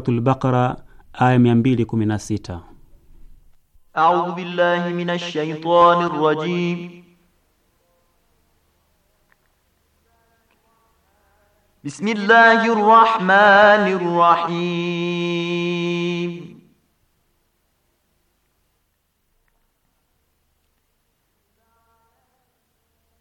Suratul Baqara aya 216. A'udhu billahi minash shaitanir rajim. Bismillahir rahmanir rahim.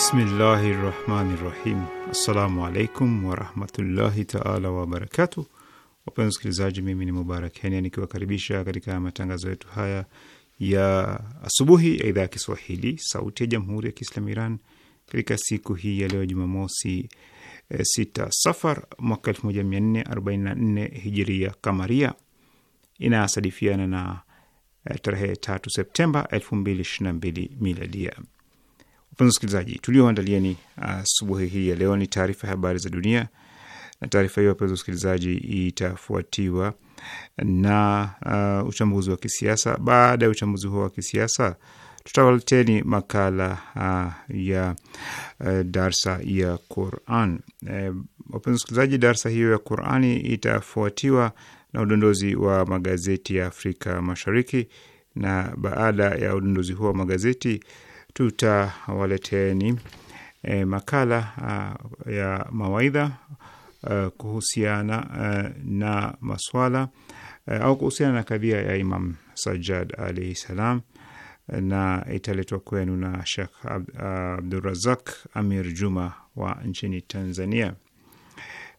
Bismillahi rahmani rahim. Assalamu alaikum warahmatullahi taala wabarakatu. Wapenzi wasikilizaji, mimi ni Mubarak Henia nikiwakaribisha katika matangazo yetu haya ya asubuhi ya idhaa ya Kiswahili sauti ya jamhuri ya kiislam Iran katika siku hii ya leo Jumamosi e, sita Safar mwaka nne hijiria kamaria inayosadifiana na eh, tarehe 3 Septemba mbili miladia. Wapenzi wasikilizaji, tulioandalieni uh, asubuhi uh, hii ya leo ni taarifa ya habari za dunia, na taarifa hiyo wapenzi wasikilizaji, itafuatiwa na uh, uchambuzi wa kisiasa. Baada ya uchambuzi huo wa kisiasa, tutawaleteni makala uh, ya uh, darsa ya Quran. Uh, wapenzi wasikilizaji, darsa hiyo ya Qurani itafuatiwa na udondozi wa magazeti ya Afrika Mashariki, na baada ya udondozi huo wa magazeti tutawaleteni e, makala a, ah, ya mawaidha a, eh, kuhusiana a, eh, na maswala a, au kuhusiana na kadhia ya Imam Sajjad alaihi salam na italetwa kwenu na Shekh Abdurazak Amir Juma wa nchini Tanzania.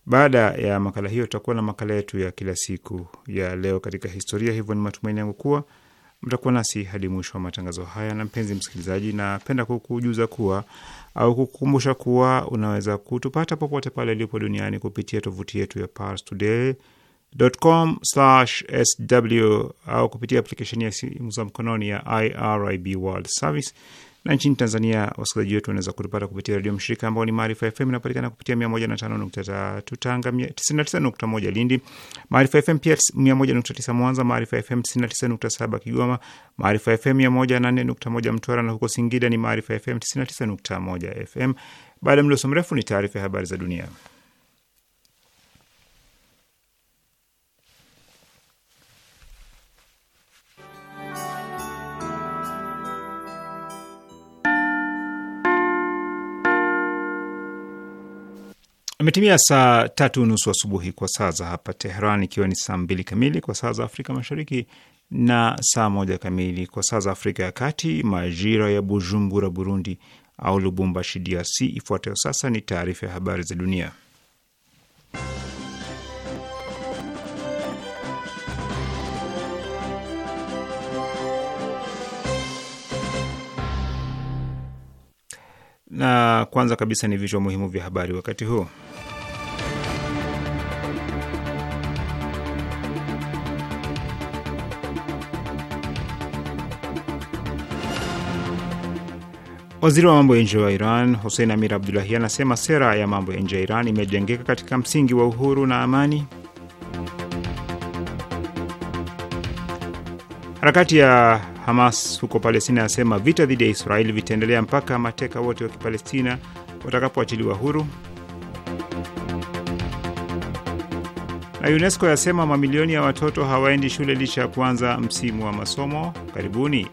Baada ya makala hiyo, tutakuwa na makala yetu ya kila siku ya leo katika historia. Hivyo ni matumaini yangu kuwa mtakuwa nasi hadi mwisho wa matangazo haya. Na mpenzi msikilizaji, napenda kukujuza kuwa au kukumbusha kuwa unaweza kutupata popote pale ulipo duniani kupitia tovuti yetu ya parstoday.com/sw au kupitia aplikesheni ya simu za mkononi ya IRIB World Service na nchini Tanzania wasikilizaji wetu wanaweza kutupata kupitia redio mshirika ambao ni Maarifa FM, inapatikana kupitia 105.3 Tanga, 99.1 Lindi, Maarifa FM pia 101.9 Mwanza, Maarifa FM 99.7 Kigoma, Maarifa FM moja Mtwara, na huko Singida ni Maarifa FM 99.1 FM. Baada ya mloso mrefu ni taarifa ya habari za dunia. Imetimia saa tatu nusu asubuhi kwa saa za hapa Teheran, ikiwa ni saa mbili kamili kwa saa za Afrika Mashariki na saa moja kamili kwa saa za Afrika ya Kati, majira ya Bujumbura, Burundi, au Lubumbashi, DRC. Ifuatayo sasa ni taarifa ya habari za dunia, na kwanza kabisa ni vichwa muhimu vya habari wakati huu. Waziri wa mambo ya nje wa Iran Hussein Amir Abdulahi anasema sera ya mambo ya nje ya Iran imejengeka katika msingi wa uhuru na amani. Harakati ya Hamas huko Palestina anasema vita dhidi ya Israeli vitaendelea mpaka mateka wote wa Kipalestina watakapoachiliwa huru. Na UNESCO yasema mamilioni ya watoto hawaendi shule licha ya kuanza msimu wa masomo karibuni.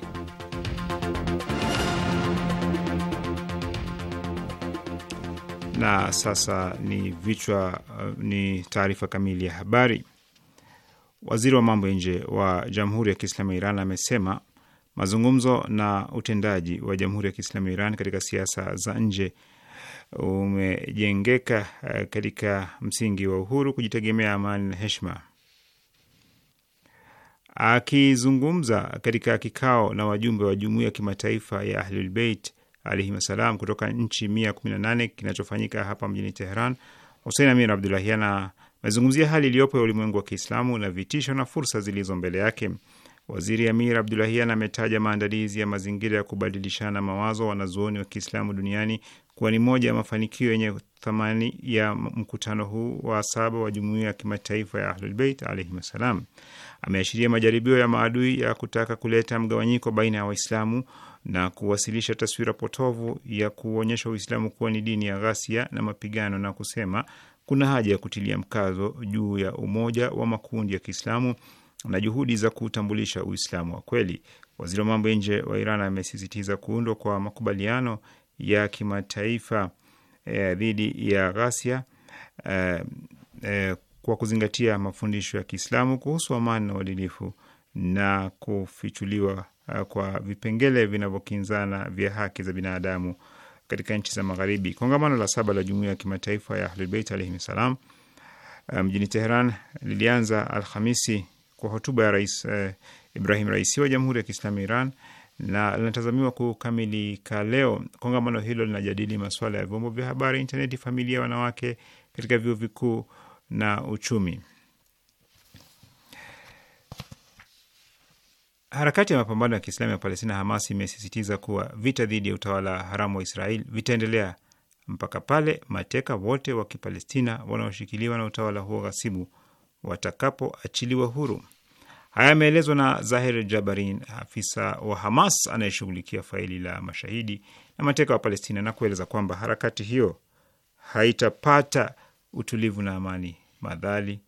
Na sasa ni vichwa, uh, ni taarifa kamili ya habari. Waziri wa mambo ya nje wa Jamhuri ya Kiislamu ya Iran amesema mazungumzo na utendaji wa Jamhuri ya Kiislamu ya Iran katika siasa za nje umejengeka uh, katika msingi wa uhuru, kujitegemea, amani na heshima. Akizungumza katika kikao na wajumbe wa Jumuiya ya Kimataifa ya Ahlulbeit alaihi wasalam kutoka nchi mia kumi na nane kinachofanyika hapa mjini Teheran, Husein Amir Abdulahian amezungumzia hali iliyopo ya ulimwengu wa Kiislamu na vitisho na fursa zilizo mbele yake. Waziri Amir Abdulahian ametaja maandalizi ya mazingira ya kubadilishana mawazo wanazuoni wa Kiislamu duniani kuwa ni moja ya mafanikio yenye thamani ya mkutano huu wa saba wa jumuia ya kimataifa ya Ahlulbeit alaihim assalam. Ameashiria majaribio ya maadui ya kutaka kuleta mgawanyiko baina ya Waislamu na kuwasilisha taswira potovu ya kuonyesha Uislamu kuwa ni dini ya ghasia na mapigano, na kusema kuna haja ya kutilia mkazo juu ya umoja wa makundi ya Kiislamu na juhudi za kuutambulisha Uislamu wa kweli. Waziri wa mambo ya nje wa Iran amesisitiza kuundwa kwa makubaliano ya kimataifa eh, dhidi ya ghasia eh, eh, kwa kuzingatia mafundisho ya Kiislamu kuhusu amani na uadilifu na kufichuliwa Uh, kwa vipengele vinavyokinzana vya haki za binadamu katika nchi za Magharibi. Kongamano la saba la jumuiya ya kimataifa ya Ahlulbeit alaihim salam uh, mjini Teheran lilianza Alhamisi kwa hotuba ya Rais eh, Ibrahim Raisi wa Jamhuri ya Kiislamu Iran na linatazamiwa kukamilika leo. Kongamano hilo linajadili masuala ya vyombo vya habari, intaneti, familia, wanawake katika vyuo vikuu na uchumi. Harakati ya mapambano ya Kiislamu ya Palestina, Hamas, imesisitiza kuwa vita dhidi ya utawala haramu wa Israel vitaendelea mpaka pale mateka wote wa Kipalestina wanaoshikiliwa na utawala huo ghasibu watakapoachiliwa huru. Haya yameelezwa na Zahir Jabarin, afisa wa Hamas anayeshughulikia faili la mashahidi na mateka wa Palestina, na kueleza kwamba harakati hiyo haitapata utulivu na amani madhali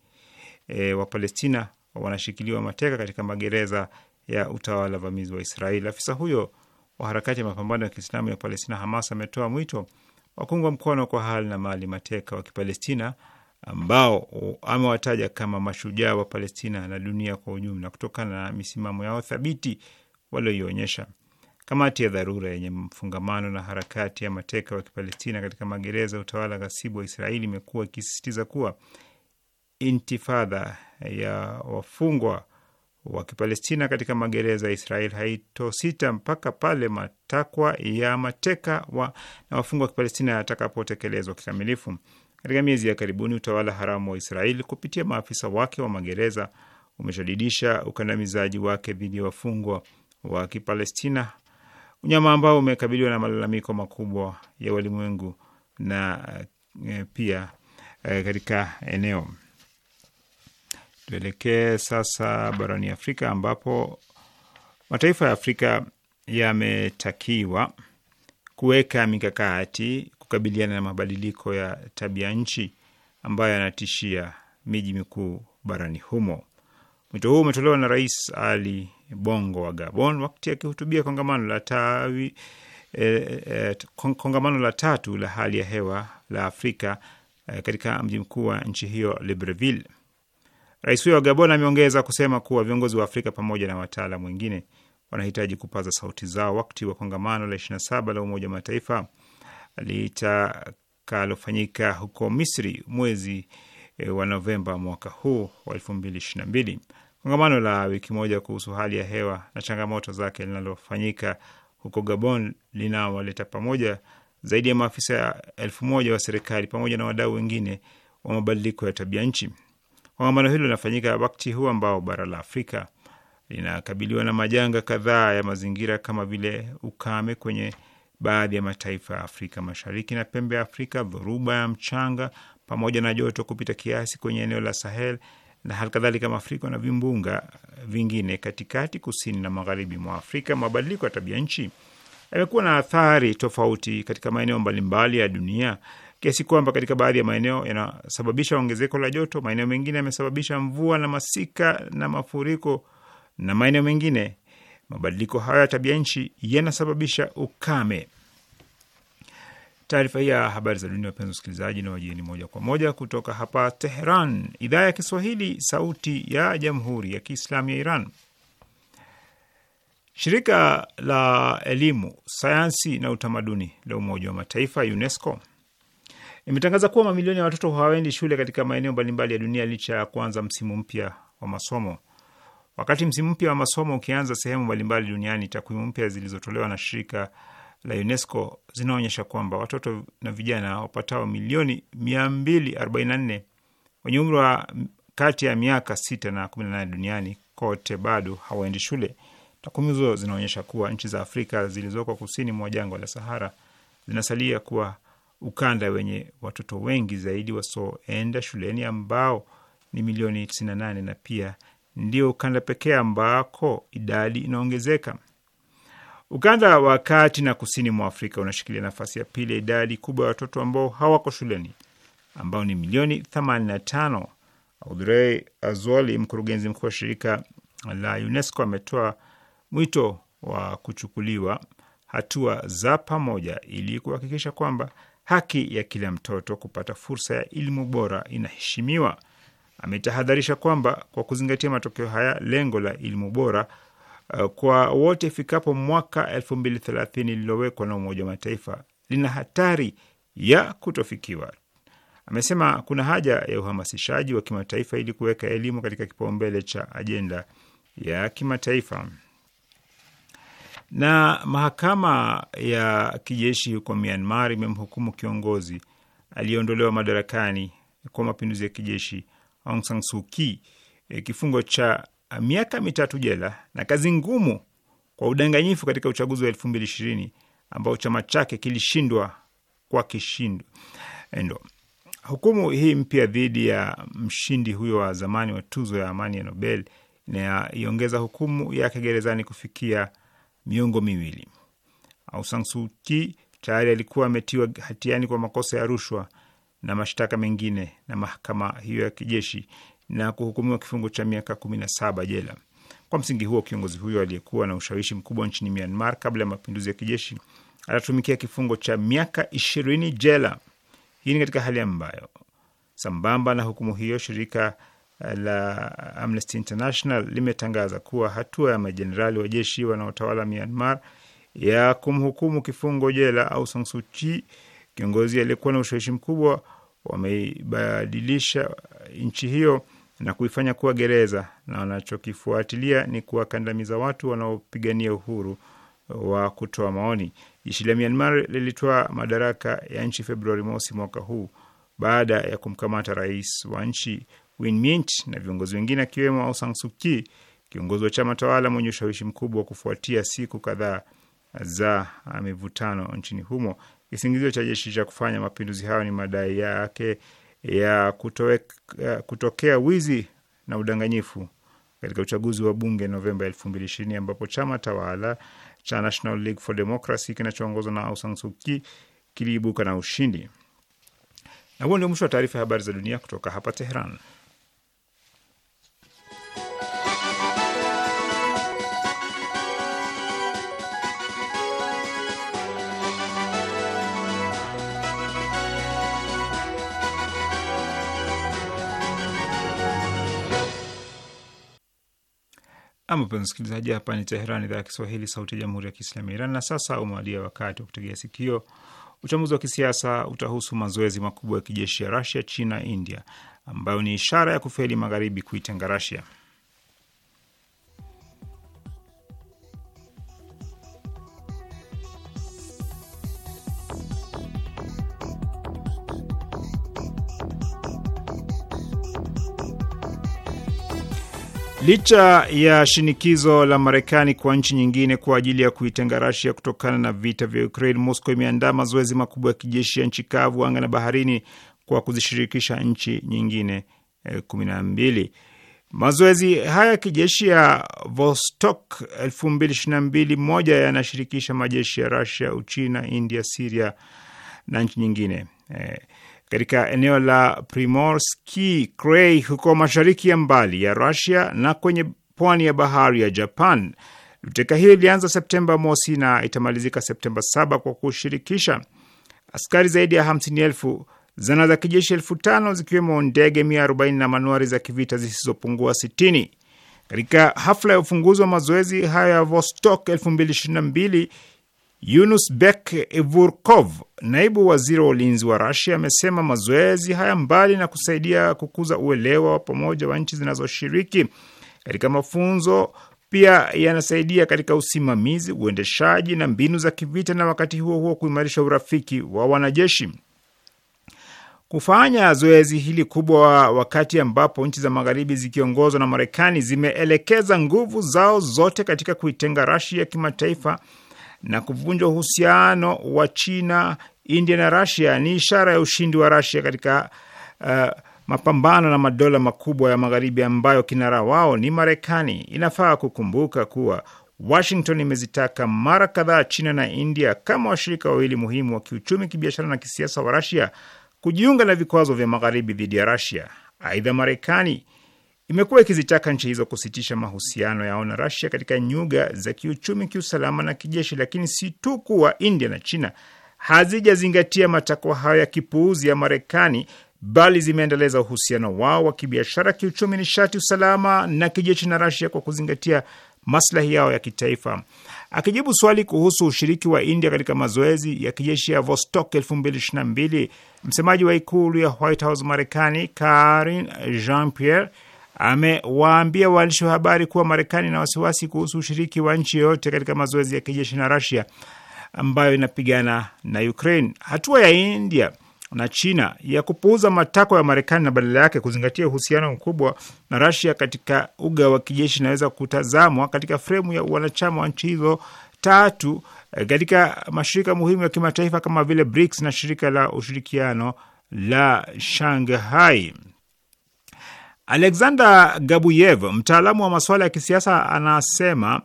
e, wa Palestina wanashikiliwa mateka katika magereza ya utawala vamizi wa Israeli. Afisa huyo wa harakati ya mapambano ya Kiislamu ya Palestina, Hamas, ametoa mwito wa kuungwa mkono kwa hali na mali mateka wa Kipalestina ambao amewataja kama mashujaa wa Palestina na dunia kwa ujumla kutokana na misimamo yao thabiti walioionyesha. Kamati ya dharura yenye mfungamano na harakati ya mateka wa Kipalestina katika magereza ya utawala ghasibu wa Israeli imekuwa ikisisitiza kuwa intifadha ya wafungwa wa Kipalestina katika magereza ya Israel haitosita mpaka pale matakwa ya mateka wa, na wafungwa wa Kipalestina yatakapotekelezwa kikamilifu. Katika miezi ya karibuni, utawala haramu wa Israel kupitia maafisa wake wa magereza umeshadidisha ukandamizaji wake dhidi ya wafungwa wa Kipalestina, unyama ambao umekabiliwa na malalamiko makubwa ya walimwengu na e, pia e, katika eneo Tuelekee sasa barani Afrika ambapo mataifa ya Afrika yametakiwa kuweka mikakati kukabiliana na mabadiliko ya tabia nchi ambayo yanatishia miji mikuu barani humo. Mwito huu umetolewa na Rais Ali Bongo wa Gabon wakati akihutubia kongamano la tawi eh, eh, kongamano la tatu la hali ya hewa la Afrika eh, katika mji mkuu wa nchi hiyo Libreville. Rais huyo wa Gabon ameongeza kusema kuwa viongozi wa Afrika pamoja na wataalam wengine wanahitaji kupaza sauti zao wakati wa kongamano la 27 la Umoja wa Mataifa litakalofanyika huko Misri mwezi e, wa Novemba mwaka huu wa mbili. Kongamano la wiki moja kuhusu hali ya hewa na changamoto zake linalofanyika huko Gabon linawaleta pamoja zaidi ya maafisa elfu moja wa serikali pamoja na wadau wengine wa mabadiliko ya tabia nchi. Kongamano hilo linafanyika wakati huu ambao bara la Afrika linakabiliwa na majanga kadhaa ya mazingira kama vile ukame kwenye baadhi ya mataifa ya Afrika Mashariki na pembe ya Afrika, dhoruba ya mchanga pamoja na joto kupita kiasi kwenye eneo la Sahel na hali kadhalika mafuriko na vimbunga vingine katikati, kusini na magharibi mwa Afrika. Mabadiliko ya tabia nchi yamekuwa na athari tofauti katika maeneo mbalimbali ya dunia kiasi kwamba katika baadhi ya maeneo yanasababisha ongezeko la joto, maeneo mengine yamesababisha mvua na masika na mafuriko, na maeneo mengine mabadiliko hayo ya tabia nchi yanasababisha ukame. Taarifa hii ya habari za dunia, wapenzi wasikilizaji, na wajieni moja kwa moja kutoka hapa Teheran, idhaa ya Kiswahili, sauti ya jamhuri ya kiislamu ya Iran. Shirika la elimu, sayansi na utamaduni la Umoja wa Mataifa, UNESCO, imetangaza kuwa mamilioni ya watoto hawaendi shule katika maeneo mbalimbali ya dunia licha ya kuanza msimu mpya wa masomo. Wakati msimu mpya wa masomo ukianza sehemu mbalimbali duniani, takwimu mpya zilizotolewa na shirika la UNESCO zinaonyesha kwamba watoto na vijana wapatao milioni 244 wenye umri wa kati ya miaka 6 na 18 duniani kote bado hawaendi shule. Takwimu hizo zinaonyesha kuwa nchi za Afrika zilizoko kusini mwa jangwa la Sahara zinasalia kuwa ukanda wenye watoto wengi zaidi wasioenda shuleni ambao ni milioni 98 na pia ndio ukanda pekee ambako idadi inaongezeka. Ukanda wa kati na kusini mwa Afrika unashikilia nafasi ya pili ya idadi kubwa ya watoto ambao hawako shuleni ambao ni milioni 85. Audrey Azouli, mkurugenzi mkuu wa shirika la UNESCO, ametoa mwito wa kuchukuliwa hatua za pamoja ili kuhakikisha kwamba haki ya kila mtoto kupata fursa ya elimu bora inaheshimiwa. Ametahadharisha kwamba kwa kuzingatia matokeo haya, lengo la elimu bora eh, kwa wote ifikapo mwaka 2030 lililowekwa na Umoja wa Mataifa lina hatari ya kutofikiwa. Amesema kuna haja ya uhamasishaji wa kimataifa ili kuweka elimu katika kipaumbele cha ajenda ya kimataifa. Na mahakama ya kijeshi huko Myanmar imemhukumu kiongozi aliyeondolewa madarakani kwa mapinduzi ya kijeshi Aung San Suu Kyi e, kifungo cha miaka mitatu jela na kazi ngumu kwa udanganyifu katika uchaguzi wa elfu mbili ishirini ambao chama chake kilishindwa kwa kishindo. Endo. Hukumu hii mpya dhidi ya mshindi huyo wa zamani wa tuzo ya amani ya Nobel na iongeza hukumu yake gerezani kufikia miongo miwili. Aung San Suu Kyi tayari alikuwa ametiwa hatiani kwa makosa ya rushwa na mashtaka mengine na mahakama hiyo ya kijeshi na kuhukumiwa kifungo cha miaka kumi na saba jela. Kwa msingi huo, kiongozi huyo aliyekuwa na ushawishi mkubwa nchini Myanmar kabla ya mapinduzi ya kijeshi atatumikia kifungo cha miaka ishirini jela. Hii ni katika hali ambayo sambamba na hukumu hiyo, shirika la Amnesty International limetangaza kuwa hatua ya majenerali wa jeshi wanaotawala Myanmar ya kumhukumu kifungo jela au Aung Suu Kyi, kiongozi aliyekuwa na ushawishi mkubwa, wameibadilisha nchi hiyo na kuifanya kuwa gereza, na wanachokifuatilia ni kuwakandamiza watu wanaopigania uhuru wa kutoa maoni. Jeshi la Myanmar lilitoa madaraka ya nchi Februari mosi mwaka huu baada ya kumkamata rais wa nchi Win Myint na viongozi wengine akiwemo Aung San Suu Kyi, kiongozi wa chama tawala mwenye ushawishi mkubwa, kufuatia siku kadhaa za mivutano nchini humo. Kisingizio cha jeshi cha kufanya mapinduzi hayo ni madai yake ya kutokea wizi na udanganyifu katika uchaguzi wa bunge Novemba 2020 ambapo chama tawala cha National League for Democracy kinachoongozwa na Aung San Suu Kyi kiliibuka na ushindi. Na huo ndio mwisho wa taarifa ya habari za dunia kutoka hapa teheran Ama penza msikilizaji, hapa ni Teherani, idhaa ya Kiswahili, sauti ya jamhuri ya kiislamu ya Iran. Na sasa umewadia wakati wa kutegea sikio. Uchambuzi wa kisiasa utahusu mazoezi makubwa ya kijeshi ya Rasia, China, India, ambayo ni ishara ya kufeli magharibi kuitenga Rasia. Licha ya shinikizo la Marekani kwa nchi nyingine kwa ajili ya kuitenga Rasia kutokana na vita vya Ukraine, Moscow imeandaa mazoezi makubwa ya kijeshi ya nchi kavu, anga na baharini kwa kuzishirikisha nchi nyingine eh, kumi na mbili. Mazoezi haya ya kijeshi ya Vostok 2022 moja yanashirikisha majeshi ya Rasia, Uchina, India, Siria na nchi nyingine. Eh, katika eneo la Primorski Krei huko mashariki ya mbali ya Rusia na kwenye pwani ya bahari ya Japan. Luteka hiyo ilianza Septemba mosi na itamalizika Septemba saba kwa kushirikisha askari zaidi ya hamsini elfu zana za kijeshi elfu tano zikiwemo ndege mia arobaini na manuari za kivita zisizopungua sitini. Katika hafla ya ufunguzi wa mazoezi hayo ya Vostok elfu mbili ishirini na mbili Bek Evurkov, naibu waziri wa ulinzi wa Rasia, amesema mazoezi haya, mbali na kusaidia kukuza uelewa wa pamoja wa nchi zinazoshiriki katika mafunzo, pia yanasaidia katika usimamizi, uendeshaji na mbinu za kivita, na wakati huo huo kuimarisha urafiki wa wanajeshi. Kufanya zoezi hili kubwa wakati ambapo nchi za magharibi zikiongozwa na Marekani zimeelekeza nguvu zao zote katika kuitenga Rasia kimataifa na kuvunjwa uhusiano wa China, India na Rasia ni ishara ya ushindi wa Rasia katika uh, mapambano na madola makubwa ya magharibi ambayo kinara wao ni Marekani. Inafaa kukumbuka kuwa Washington imezitaka mara kadhaa China na India kama washirika wawili muhimu wa kiuchumi, kibiashara na kisiasa wa Rasia kujiunga na vikwazo vya magharibi dhidi ya Rasia. Aidha, Marekani imekuwa ikizitaka nchi hizo kusitisha mahusiano yao na Rasia katika nyuga za kiuchumi, kiusalama na kijeshi. Lakini si tu kuwa India na China hazijazingatia matakwa hayo ya kipuuzi ya Marekani, bali zimeendeleza uhusiano wao wa kibiashara, kiuchumi, nishati, usalama na kijeshi na Rasia kwa kuzingatia maslahi yao ya kitaifa. Akijibu swali kuhusu ushiriki wa India katika mazoezi ya kijeshi ya Vostok 2022 msemaji wa ikulu ya White House Marekani Karin Jean Pierre amewaambia waandishi wa habari kuwa Marekani ina wasiwasi kuhusu ushiriki wa nchi yoyote katika mazoezi ya kijeshi na rasia ambayo inapigana na Ukraine. Hatua ya India na China ya kupuuza matakwa ya Marekani na badala yake kuzingatia uhusiano mkubwa na rasia katika uga wa kijeshi inaweza kutazamwa katika fremu ya wanachama wa nchi hizo tatu eh, katika mashirika muhimu ya kimataifa kama vile BRICS na shirika la ushirikiano la Shanghai. Alexander Gabuyev, mtaalamu wa masuala ya kisiasa, anasema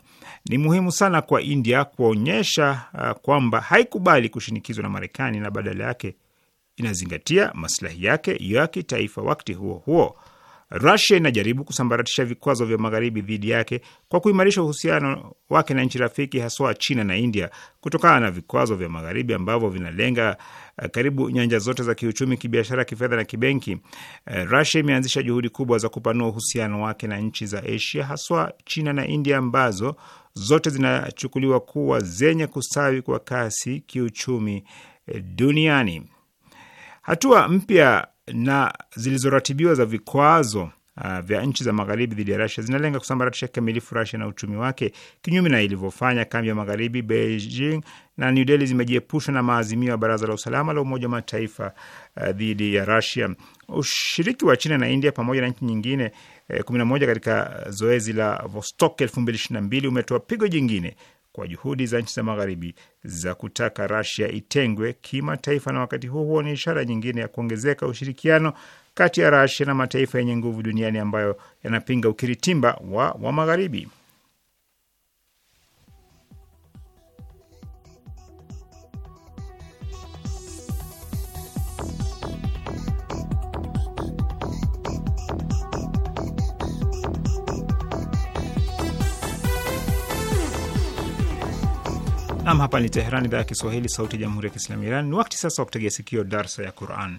ni muhimu sana kwa India kuonyesha uh, kwamba haikubali kushinikizwa na Marekani na badala yake inazingatia maslahi yake ya kitaifa. Wakati huo huo Rusia inajaribu kusambaratisha vikwazo vya magharibi dhidi yake kwa kuimarisha uhusiano wake na nchi rafiki haswa China na India kutokana na vikwazo vya magharibi ambavyo vinalenga eh, karibu nyanja zote za kiuchumi, kibiashara, kifedha na kibenki. Eh, Rusia imeanzisha juhudi kubwa za kupanua uhusiano wake na nchi za Asia haswa China na India ambazo zote zinachukuliwa kuwa zenye kustawi kwa kasi kiuchumi eh, duniani. Hatua mpya na zilizoratibiwa za vikwazo Uh, vya nchi za magharibi dhidi ya rasia zinalenga kusambaratisha kikamilifu Rasia na uchumi wake, kinyume na ilivyofanya kambi ya magharibi. Beijing na New Delhi zimejiepusha na maazimio ya Baraza la Usalama la Umoja wa Mataifa uh, dhidi ya rasia Ushiriki wa China na India pamoja na nchi nyingine eh, uh, 11 katika zoezi la Vostok 2022 umetoa pigo jingine kwa juhudi za nchi za magharibi za kutaka Rasia itengwe kimataifa, na wakati huo huo ni ishara nyingine ya kuongezeka ushirikiano kati ya Rasia na mataifa yenye nguvu duniani ambayo yanapinga ukiritimba wa wa magharibi. Nam, hapa ni Teheran, idhaa ya Kiswahili, sauti ya jamhuri ya kiislamu Iran. Ni wakti sasa wa kutegea sikio darsa ya Quran.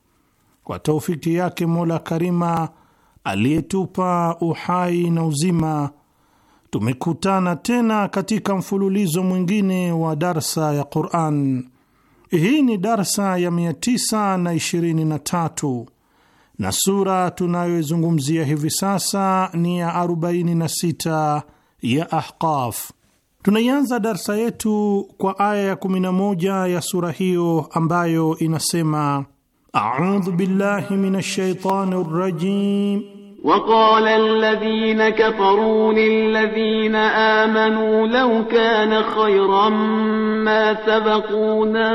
kwa taufiki yake Mola Karima aliyetupa uhai na uzima, tumekutana tena katika mfululizo mwingine wa darsa ya Quran. Hii ni darsa ya 923 na sura tunayoizungumzia hivi sasa ni ya 46 ya Ahqaf. Tunaianza darsa yetu kwa aya ya 11 ya sura hiyo ambayo inasema أعوذ بالله من الشيطان الرجيم وقال الذين كفروا للذين آمنوا لو كان خيرا ما سبقونا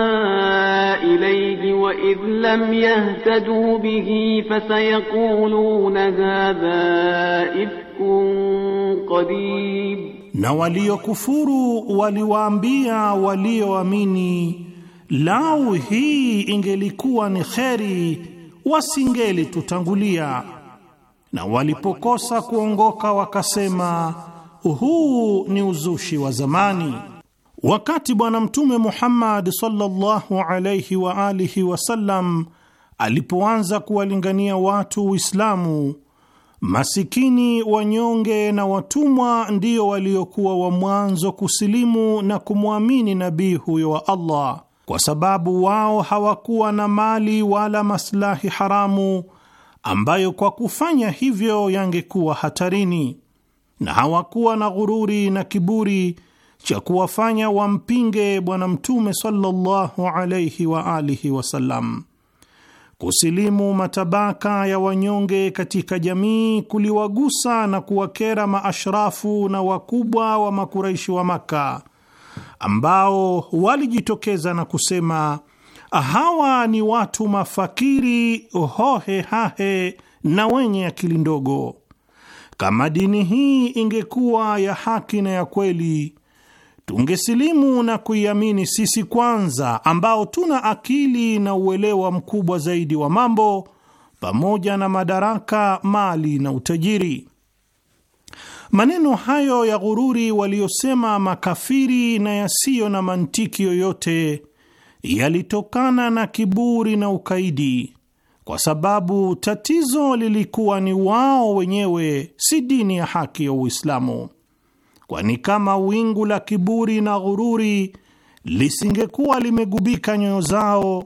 إليه وإذ لم يهتدوا به فسيقولون هذا إفك قديم na كفروا waliwaambia walioamini lau hii ingelikuwa ni kheri wasingelitutangulia, na walipokosa kuongoka wakasema huu ni uzushi wa zamani. Wakati Bwana Mtume Muhammad sallallahu alayhi wa alihi wasallam alipoanza kuwalingania watu Uislamu, masikini, wanyonge na watumwa ndio waliokuwa wa mwanzo kusilimu na kumwamini nabii huyo wa Allah kwa sababu wao hawakuwa na mali wala maslahi haramu ambayo kwa kufanya hivyo yangekuwa hatarini, na hawakuwa na ghururi na kiburi cha kuwafanya wampinge Bwana Mtume sallallahu alaihi wa alihi wasallam. Kusilimu matabaka ya wanyonge katika jamii kuliwagusa na kuwakera maashrafu na wakubwa wa Makuraishi wa makka ambao walijitokeza na kusema hawa ni watu mafakiri hohe hahe na wenye akili ndogo. Kama dini hii ingekuwa ya haki na ya kweli, tungesilimu na kuiamini sisi kwanza, ambao tuna akili na uelewa mkubwa zaidi wa mambo, pamoja na madaraka, mali na utajiri. Maneno hayo ya ghururi waliyosema makafiri na yasiyo na mantiki yoyote yalitokana na kiburi na ukaidi, kwa sababu tatizo lilikuwa ni wao wenyewe, si dini ya haki ya Uislamu, kwani kama wingu la kiburi na ghururi lisingekuwa limegubika nyoyo zao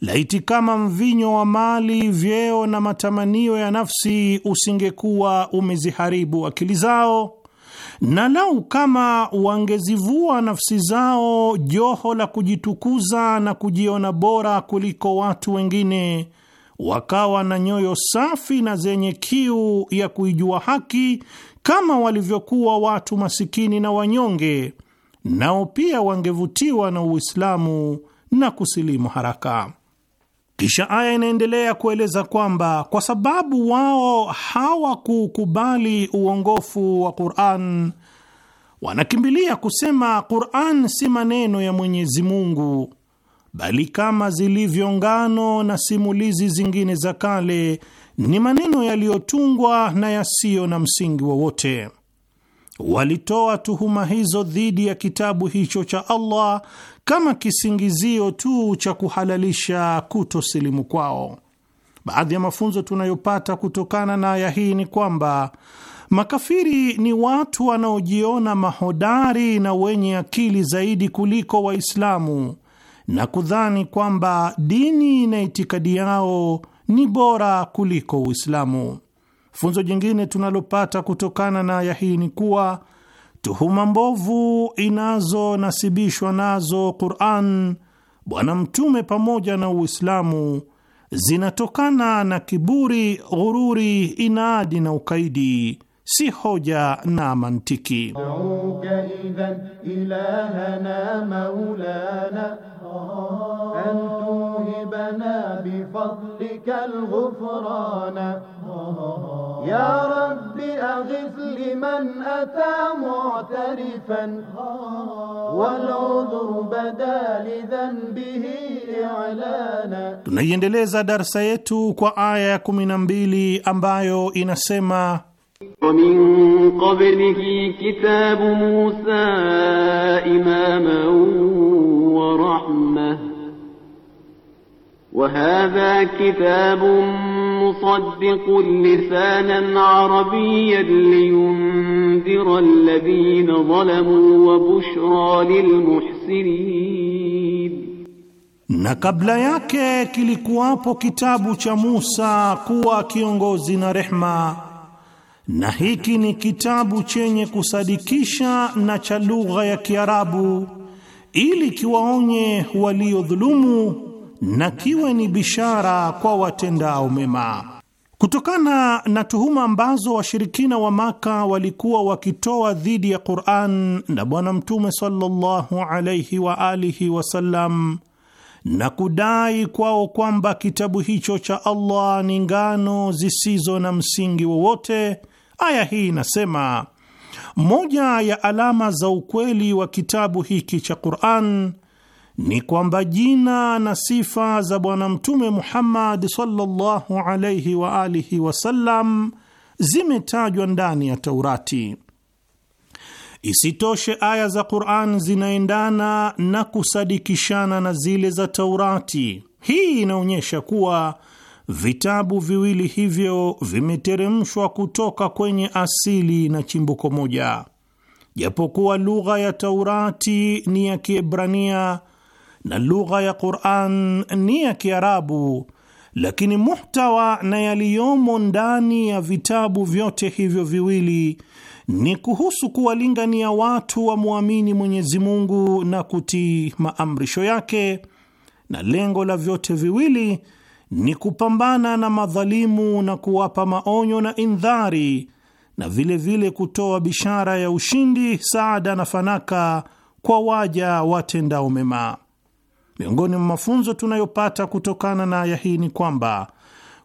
Laiti kama mvinyo wa mali, vyeo na matamanio ya nafsi usingekuwa umeziharibu akili zao, na lau kama wangezivua nafsi zao joho la kujitukuza na kujiona bora kuliko watu wengine, wakawa na nyoyo safi na zenye kiu ya kuijua haki kama walivyokuwa watu masikini na wanyonge, nao pia wangevutiwa na Uislamu na kusilimu haraka. Kisha aya inaendelea kueleza kwamba kwa sababu wao hawakukubali uongofu wa Qur'an, wanakimbilia kusema Qur'an si maneno ya Mwenyezi Mungu, bali kama zilivyo ngano na simulizi zingine za kale, ni maneno yaliyotungwa na yasiyo na msingi wowote walitoa tuhuma hizo dhidi ya kitabu hicho cha Allah kama kisingizio tu cha kuhalalisha kutosilimu kwao. Baadhi ya mafunzo tunayopata kutokana na aya hii ni kwamba makafiri ni watu wanaojiona mahodari na wenye akili zaidi kuliko Waislamu na kudhani kwamba dini na itikadi yao ni bora kuliko Uislamu. Funzo jingine tunalopata kutokana na aya hii ni kuwa tuhuma mbovu inazonasibishwa nazo Qur'an, Bwana Mtume pamoja na Uislamu zinatokana na kiburi, ghururi, inadi na ukaidi si hoja na mantiki. Tunaiendeleza darsa yetu kwa aya ya kumi na mbili ambayo inasema ومن قبله كتاب موسى إماما ورحمة وهذا كتاب مصدق لسانا عربيا لينذر الذين ظلموا وبشرى للمحسنين na kabla yake kilikuwapo kitabu cha Musa kuwa kiongozi na rehma na hiki ni kitabu chenye kusadikisha na cha lugha ya Kiarabu ili kiwaonye waliodhulumu na kiwe ni bishara kwa watendao mema. Kutokana na tuhuma ambazo washirikina wa Maka walikuwa wakitoa dhidi ya Qur'an na Bwana Mtume sallallahu alayhi wa alihi wasallam na kudai kwao kwamba kitabu hicho cha Allah ni ngano zisizo na msingi wowote Aya hii inasema moja ya alama za ukweli wa kitabu hiki cha Qur'an ni kwamba jina na sifa za Bwana Mtume Muhammad sallallahu alayhi wa alihi wasallam zimetajwa ndani ya Taurati. Isitoshe, aya za Qur'an zinaendana na kusadikishana na zile za Taurati. Hii inaonyesha kuwa Vitabu viwili hivyo vimeteremshwa kutoka kwenye asili na chimbuko moja, japokuwa lugha ya Taurati ni ya Kiebrania na lugha ya Qur'an ni ya Kiarabu, lakini muhtawa na yaliyomo ndani ya vitabu vyote hivyo viwili ni kuhusu kuwalingania watu wamwamini Mwenyezi Mungu na kutii maamrisho yake, na lengo la vyote viwili ni kupambana na madhalimu na kuwapa maonyo na indhari na vilevile vile kutoa bishara ya ushindi, saada na fanaka kwa waja watendao mema. Miongoni mwa mafunzo tunayopata kutokana na aya hii ni kwamba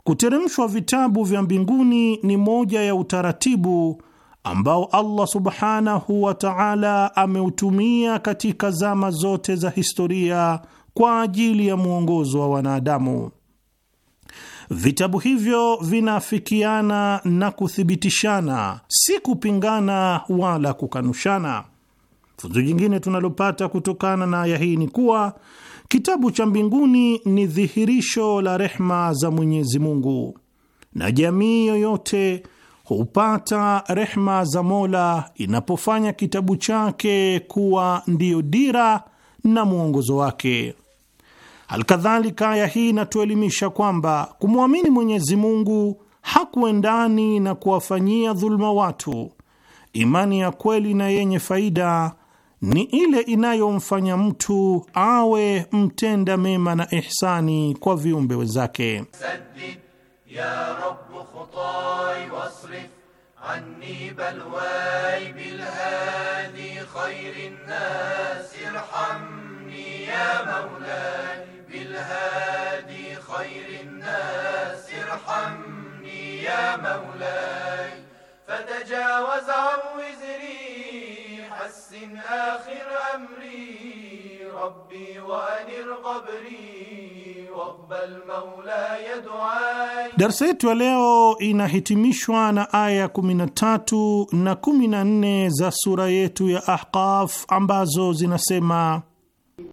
kuteremshwa vitabu vya mbinguni ni moja ya utaratibu ambao Allah subhanahu wa ta'ala ameutumia katika zama zote za historia kwa ajili ya mwongozo wa wanadamu. Vitabu hivyo vinaafikiana na kuthibitishana, si kupingana wala kukanushana. Funzo jingine tunalopata kutokana na aya hii ni kuwa kitabu cha mbinguni ni dhihirisho la rehma za Mwenyezi Mungu, na jamii yoyote hupata rehma za Mola inapofanya kitabu chake kuwa ndiyo dira na mwongozo wake. Alkadhalika, aya hii inatuelimisha kwamba kumwamini Mwenyezi Mungu hakuendani na kuwafanyia dhuluma watu. Imani ya kweli na yenye faida ni ile inayomfanya mtu awe mtenda mema na ihsani kwa viumbe wenzake. Saddid ya Rabbu khutai wasrif anni balwa يا مولاي فتجاوز عن وزري حسن آخر أمري ربي وأنر قبري واقبل مولاي دعاي Darsa yetu ya leo inahitimishwa na aya 13 na 14 za sura yetu ya Ahqaf ambazo zinasema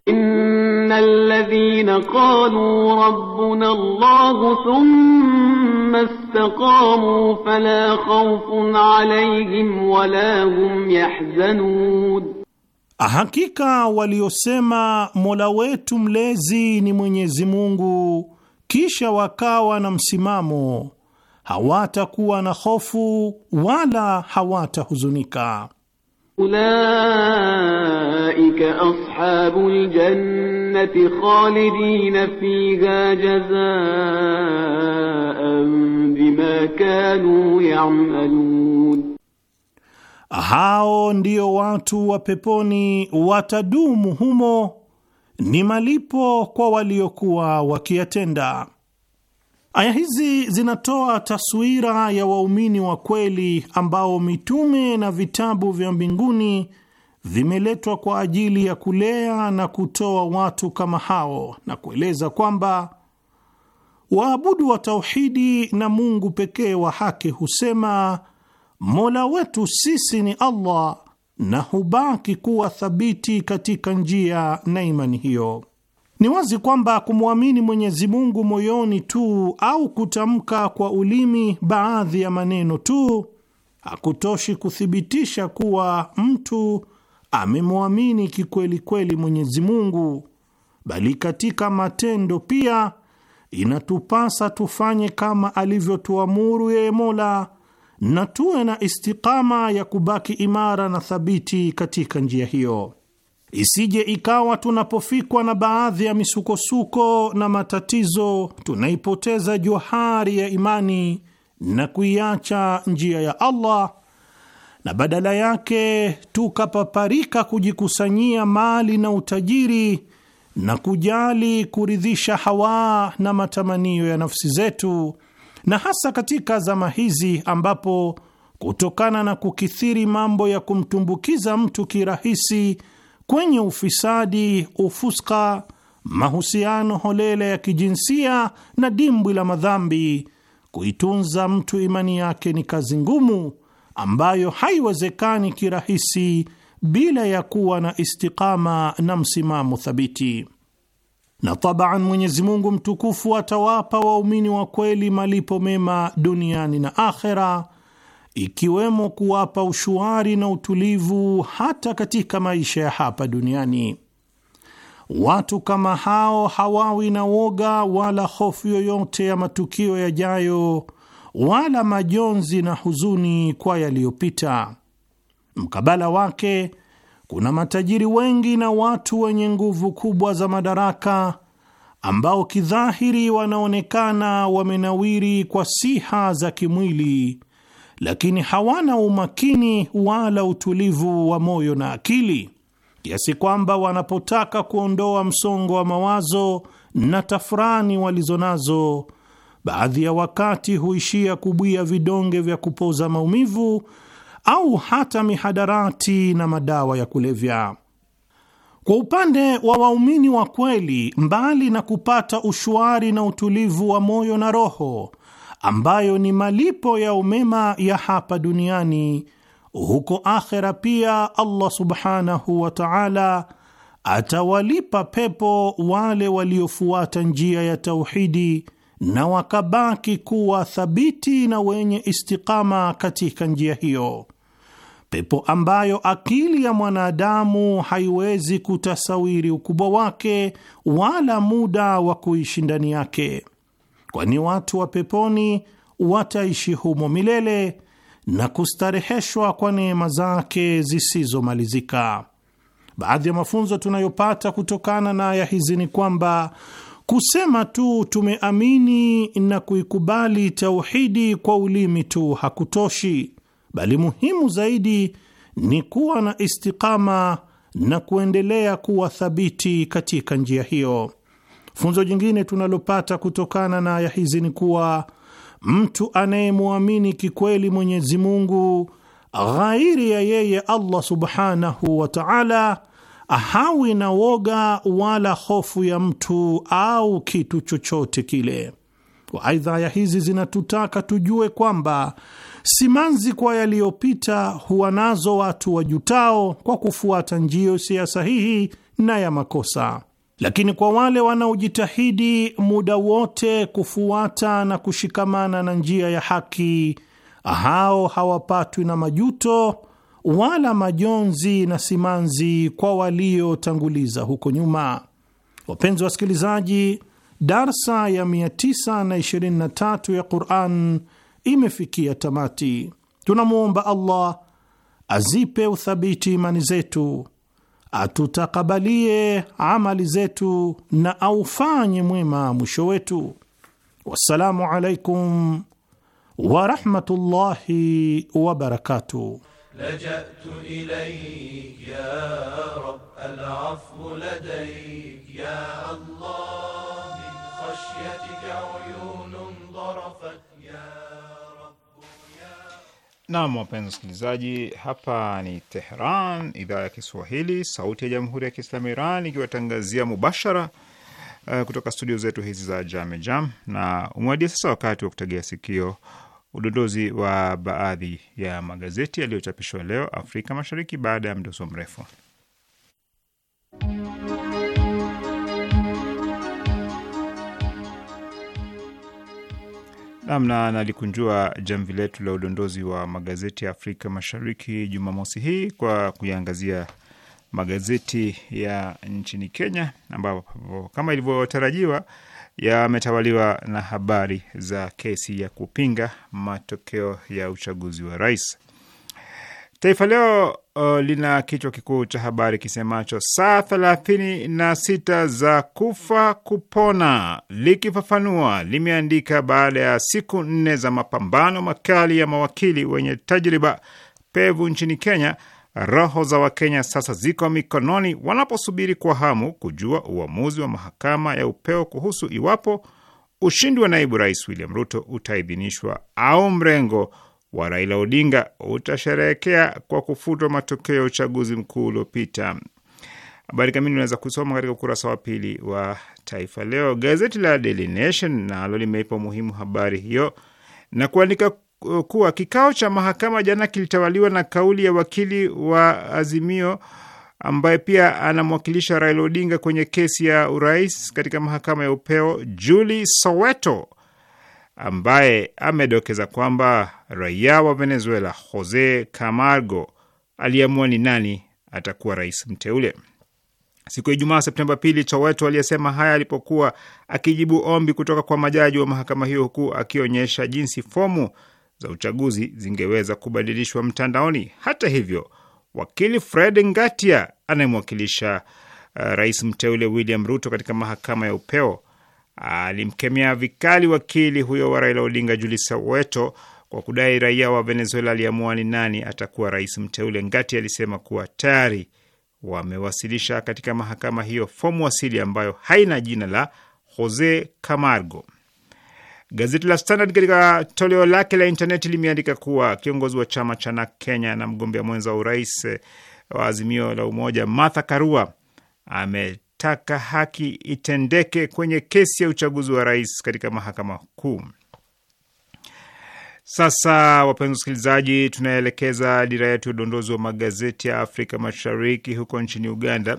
mm. إن الذين قالوا ربنا الله ثم استقاموا فلا خوف عليهم ولا هم يحزنون Hakika waliosema Mola wetu mlezi ni Mwenyezi Mungu, kisha wakawa na msimamo, hawatakuwa na hofu wala hawatahuzunika. أولئك أصحاب الجنة خالدين فيها جزاء بما كانوا يعملون hao ndio watu wa peponi watadumu humo, ni malipo kwa waliokuwa wakiyatenda. Aya hizi zinatoa taswira ya waumini wa kweli ambao mitume na vitabu vya mbinguni vimeletwa kwa ajili ya kulea na kutoa watu kama hao, na kueleza kwamba waabudu wa tauhidi na Mungu pekee wa haki husema Mola wetu sisi ni Allah na hubaki kuwa thabiti katika njia na imani hiyo. Ni wazi kwamba kumwamini Mwenyezi Mungu moyoni tu au kutamka kwa ulimi baadhi ya maneno tu hakutoshi kuthibitisha kuwa mtu amemwamini kikwelikweli Mwenyezi Mungu, bali katika matendo pia inatupasa tufanye kama alivyotuamuru yeye Mola na tuwe na istikama ya kubaki imara na thabiti katika njia hiyo. Isije ikawa tunapofikwa na baadhi ya misukosuko na matatizo tunaipoteza johari ya imani na kuiacha njia ya Allah na badala yake tukapaparika kujikusanyia mali na utajiri na kujali kuridhisha hawa na matamanio ya nafsi zetu, na hasa katika zama hizi ambapo kutokana na kukithiri mambo ya kumtumbukiza mtu kirahisi kwenye ufisadi, ufuska, mahusiano holela ya kijinsia na dimbwi la madhambi, kuitunza mtu imani yake ni kazi ngumu ambayo haiwezekani kirahisi bila ya kuwa na istikama na msimamo thabiti. Na tabaan, Mwenyezi Mungu mtukufu atawapa waumini wa kweli malipo mema duniani na akhera ikiwemo kuwapa ushuari na utulivu hata katika maisha ya hapa duniani. Watu kama hao hawawi na woga wala hofu yoyote ya matukio yajayo wala majonzi na huzuni kwa yaliyopita. Mkabala wake kuna matajiri wengi na watu wenye nguvu kubwa za madaraka ambao kidhahiri wanaonekana wamenawiri kwa siha za kimwili lakini hawana umakini wala utulivu wa moyo na akili, kiasi kwamba wanapotaka kuondoa msongo wa mawazo na tafurani walizo nazo, baadhi ya wakati huishia kubwia vidonge vya kupoza maumivu au hata mihadarati na madawa ya kulevya. Kwa upande wa waumini wa kweli, mbali na kupata ushwari na utulivu wa moyo na roho ambayo ni malipo ya umema ya hapa duniani, huko akhera pia Allah subhanahu wa ta'ala atawalipa pepo wale waliofuata njia ya tauhidi na wakabaki kuwa thabiti na wenye istikama katika njia hiyo, pepo ambayo akili ya mwanadamu haiwezi kutasawiri ukubwa wake wala muda wa kuishi ndani yake kwani watu wa peponi wataishi humo milele na kustareheshwa kwa neema zake zisizomalizika. Baadhi ya mafunzo tunayopata kutokana na aya hizi ni kwamba kusema tu tumeamini na kuikubali tauhidi kwa ulimi tu hakutoshi, bali muhimu zaidi ni kuwa na istikama na kuendelea kuwa thabiti katika njia hiyo. Funzo jingine tunalopata kutokana na aya hizi ni kuwa mtu anayemwamini kikweli Mwenyezi Mungu ghairi ya yeye Allah subhanahu wa taala hawi na woga wala hofu ya mtu au kitu chochote kile. aidha aya hizi zinatutaka tujue kwamba simanzi kwa yaliyopita huwa nazo watu wajutao kwa kufuata njio ya sahihi na ya makosa. Lakini kwa wale wanaojitahidi muda wote kufuata na kushikamana na njia ya haki, hao hawapatwi na majuto wala majonzi na simanzi kwa waliotanguliza huko nyuma. Wapenzi wasikilizaji, darsa ya 923 ya Quran imefikia tamati. Tunamwomba Allah azipe uthabiti imani zetu atutakabalie amali zetu na aufanye mwema mwisho wetu. Wassalamu alaikum warahmatullahi wabarakatuh. Nam, wapenzi wasikilizaji, hapa ni Tehran, idhaa ya Kiswahili, sauti ya jamhuri ya kiislamu Iran, ikiwatangazia mubashara uh, kutoka studio zetu hizi za Jam, na umewadia sasa wakati wa kutegea sikio udondozi wa baadhi ya magazeti yaliyochapishwa leo Afrika Mashariki baada ya mdoso mrefu namna nalikunjua jamvi letu la udondozi wa magazeti ya Afrika Mashariki Jumamosi hii kwa kuiangazia magazeti ya nchini Kenya ambapo kama ilivyotarajiwa yametawaliwa na habari za kesi ya kupinga matokeo ya uchaguzi wa rais. Taifa Leo uh, lina kichwa kikuu cha habari kisemacho saa thelathini na sita za kufa kupona. Likifafanua, limeandika baada ya siku nne za mapambano makali ya mawakili wenye tajriba pevu nchini Kenya, roho za Wakenya sasa ziko mikononi, wanaposubiri kwa hamu kujua uamuzi wa mahakama ya upeo kuhusu iwapo ushindi wa naibu rais William Ruto utaidhinishwa au mrengo wa Raila Odinga utasherehekea kwa kufutwa matokeo ya uchaguzi mkuu uliopita. Habari kamili unaweza kusoma katika ukurasa wa pili wa Taifa Leo. Gazeti la Daily Nation nalo limeipa umuhimu habari hiyo na kuandika kuwa kikao cha mahakama jana kilitawaliwa na kauli ya wakili wa Azimio ambaye pia anamwakilisha Raila Odinga kwenye kesi ya urais katika mahakama ya upeo Julie Soweto ambaye amedokeza kwamba raia wa Venezuela Jose Camargo aliamua ni nani atakuwa rais mteule. Siku ya Ijumaa Septemba pili, Chawatu aliyesema haya alipokuwa akijibu ombi kutoka kwa majaji wa mahakama hiyo, huku akionyesha jinsi fomu za uchaguzi zingeweza kubadilishwa mtandaoni. Hata hivyo, wakili Fred Ngatia anayemwakilisha uh, rais mteule William Ruto katika mahakama ya upeo alimkemea vikali wakili huyo wa Raila Odinga Julius Soweto kwa kudai raia wa Venezuela aliamua ni nani atakuwa rais mteule. Ngati alisema kuwa tayari wamewasilisha katika mahakama hiyo fomu asili ambayo haina jina la Jose Camargo. Gazeti la Standard katika toleo lake la intaneti limeandika kuwa kiongozi wa chama cha NAK Kenya na mgombea mwenza wa urais wa Azimio la Umoja Martha Karua ame kutaka haki itendeke kwenye kesi ya uchaguzi wa rais katika mahakama kuu. Sasa wapenzi wasikilizaji, tunaelekeza dira yetu ya udondozi wa magazeti ya Afrika Mashariki huko nchini Uganda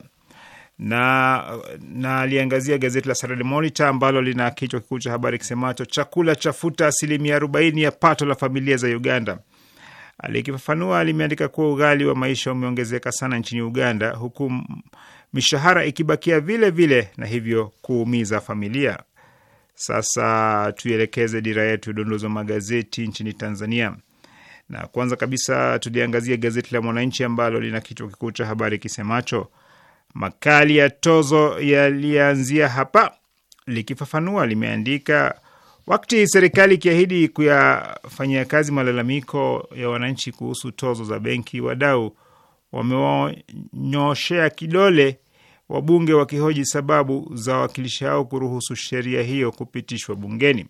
na naliangazia gazeti la Saturday Monitor ambalo lina kichwa kikuu cha habari kisemacho chakula chafuta asilimia arobaini ya pato la familia za Uganda. Alikifafanua, limeandika kuwa ughali wa maisha umeongezeka sana nchini Uganda, huku mishahara ikibakia vile vile na hivyo kuumiza familia. Sasa tuielekeze dira yetu udondozi magazeti nchini Tanzania, na kwanza kabisa tuliangazia gazeti la Mwananchi ambalo lina kichwa kikuu cha habari kisemacho makali ya tozo yalianzia hapa. Likifafanua limeandika wakati serikali ikiahidi kuyafanyia kazi malalamiko ya wananchi kuhusu tozo za benki, wadau wamewanyoshea kidole wabunge wakihoji sababu za wawakilishi hao kuruhusu sheria hiyo kupitishwa bungeni.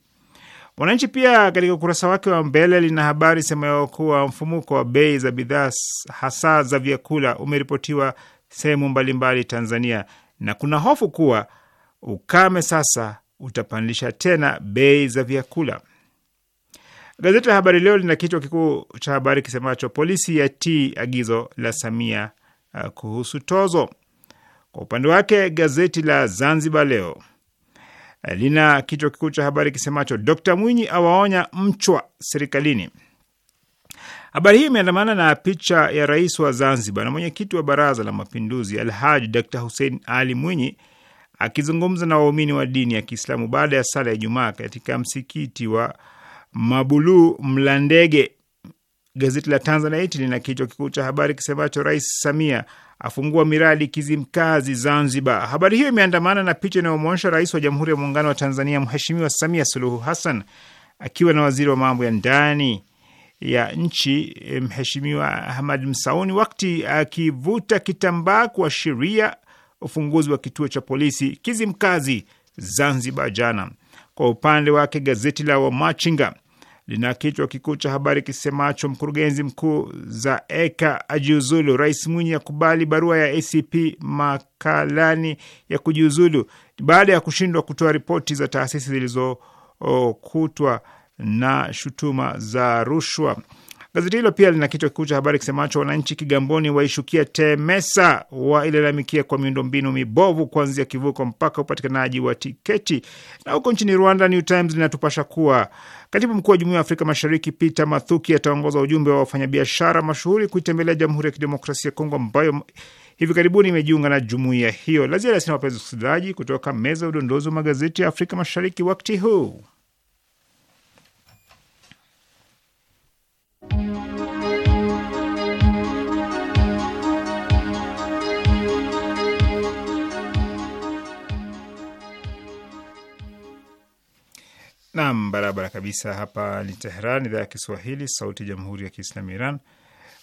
Mwananchi pia katika ukurasa wake wa mbele lina habari semayo kuwa mfumuko wa bei za bidhaa hasa za vyakula umeripotiwa sehemu mbalimbali Tanzania, na kuna hofu kuwa ukame sasa utapandisha tena bei za vyakula. Gazeti la Habari Leo lina kichwa kikuu cha habari kisemacho polisi yatii agizo la Samia uh, kuhusu tozo. Kwa upande wake gazeti la Zanzibar Leo uh, lina kichwa kikuu cha habari kisemacho d Mwinyi awaonya mchwa serikalini. Habari hii imeandamana na picha ya rais wa Zanzibar na mwenyekiti wa Baraza la Mapinduzi Alhaji d Hussein Ali Mwinyi akizungumza na waumini wa dini ya Kiislamu baada ya sala ya Ijumaa katika msikiti wa Mabuluu Mlandege. Gazeti la Tanzanite lina kichwa kikuu cha habari kisemacho Rais Samia afungua miradi Kizimkazi Zanzibar. Habari hiyo imeandamana na picha inayomwonyesha Rais wa Jamhuri ya Muungano wa Tanzania Mheshimiwa Samia Suluhu Hassan akiwa na waziri wa mambo ya ndani ya nchi eh, Mheshimiwa Ahmad Msauni wakati akivuta kitambaa kuashiria ufunguzi wa kituo cha polisi Kizimkazi Zanzibar jana. Kwa upande wake gazeti la Wamachinga lina kichwa kikuu cha habari kisemacho mkurugenzi mkuu Zaeka ajiuzulu, Rais Mwinyi akubali barua ya ACP Makalani ya kujiuzulu baada ya kushindwa kutoa ripoti za taasisi zilizokutwa na shutuma za rushwa. Gazeti hilo pia lina kichwa kikuu cha habari kisemacho wananchi Kigamboni waishukia TEMESA, wailalamikia kwa miundombinu mibovu kuanzia kivuko mpaka upatikanaji wa tiketi. Na huko nchini Rwanda, New Times linatupasha kuwa katibu mkuu wa Jumuiya ya Afrika Mashariki Peter Mathuki ataongoza ujumbe wa wafanyabiashara mashuhuri kuitembelea Jamhuri ya Kidemokrasia ya Kongo ambayo hivi karibuni imejiunga na jumuiya hiyo. Lazima lasina wapenzi wasikilizaji, kutoka meza ya udondozi wa magazeti ya Afrika Mashariki wakati huu Nam, barabara kabisa. Hapa ni Teheran, idhaa ya Kiswahili, sauti ya jamhuri ya kiislamu Iran.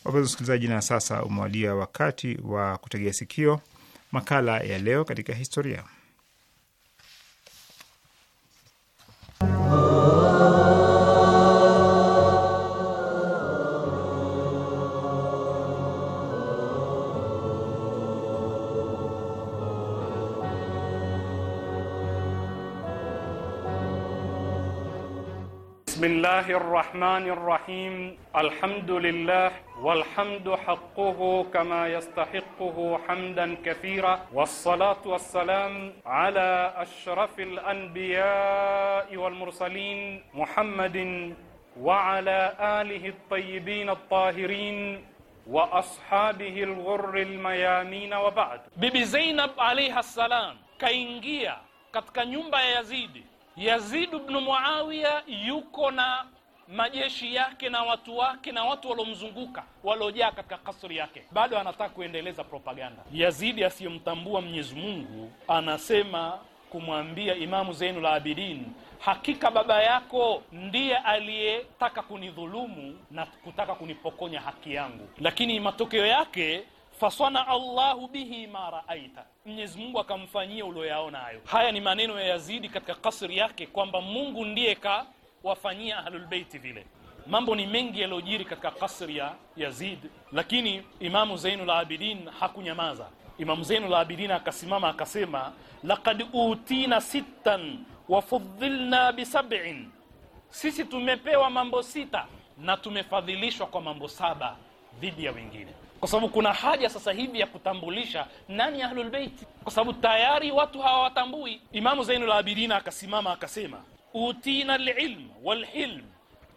Wapenzi wasikilizaji, na sasa umewadia wakati wa kutegea sikio makala ya leo katika historia. الله الرحمن الرحيم الحمد لله والحمد حقه كما يستحقه حمدا كثيرا والصلاة والسلام على أشرف الأنبياء والمرسلين محمد وعلى آله الطيبين الطاهرين وأصحابه الغر الميامين وبعد ببي زينب عليها السلام كينجيا katika nyumba ya Yazidi Yazid bnu Muawiya yuko na majeshi yake na watu wake na watu waliomzunguka waliojaa katika kasri yake, bado anataka kuendeleza propaganda. Yazidi asiyemtambua Mwenyezi Mungu anasema kumwambia Imamu Zainul Abidin, hakika baba yako ndiye aliyetaka kunidhulumu na kutaka kunipokonya haki yangu, lakini matokeo yake fasanaa Allahu bihi ma raaita, Mwenyezi Mungu akamfanyia ulioyaona hayo. Haya ni maneno ya Yazidi katika kasri yake kwamba Mungu ndiye kawafanyia ahlul vile. Mambo ni mengi yaliyojiri katika kasri ya Yazid, lakini Imamu Zainul Abidin hakunyamaza. Imamu Zainul Abidin akasimama akasema, laqad utina sittan wa bisabin bi sab'in, sisi tumepewa mambo sita na tumefadhilishwa kwa mambo saba dhidi ya wengine kwa sababu kuna haja sasa hivi ya kutambulisha nani ahlul kwa sababu tayari watu hawawatambui. Imamu Zainul Abidin akasimama akasema, utina lilm walhilm,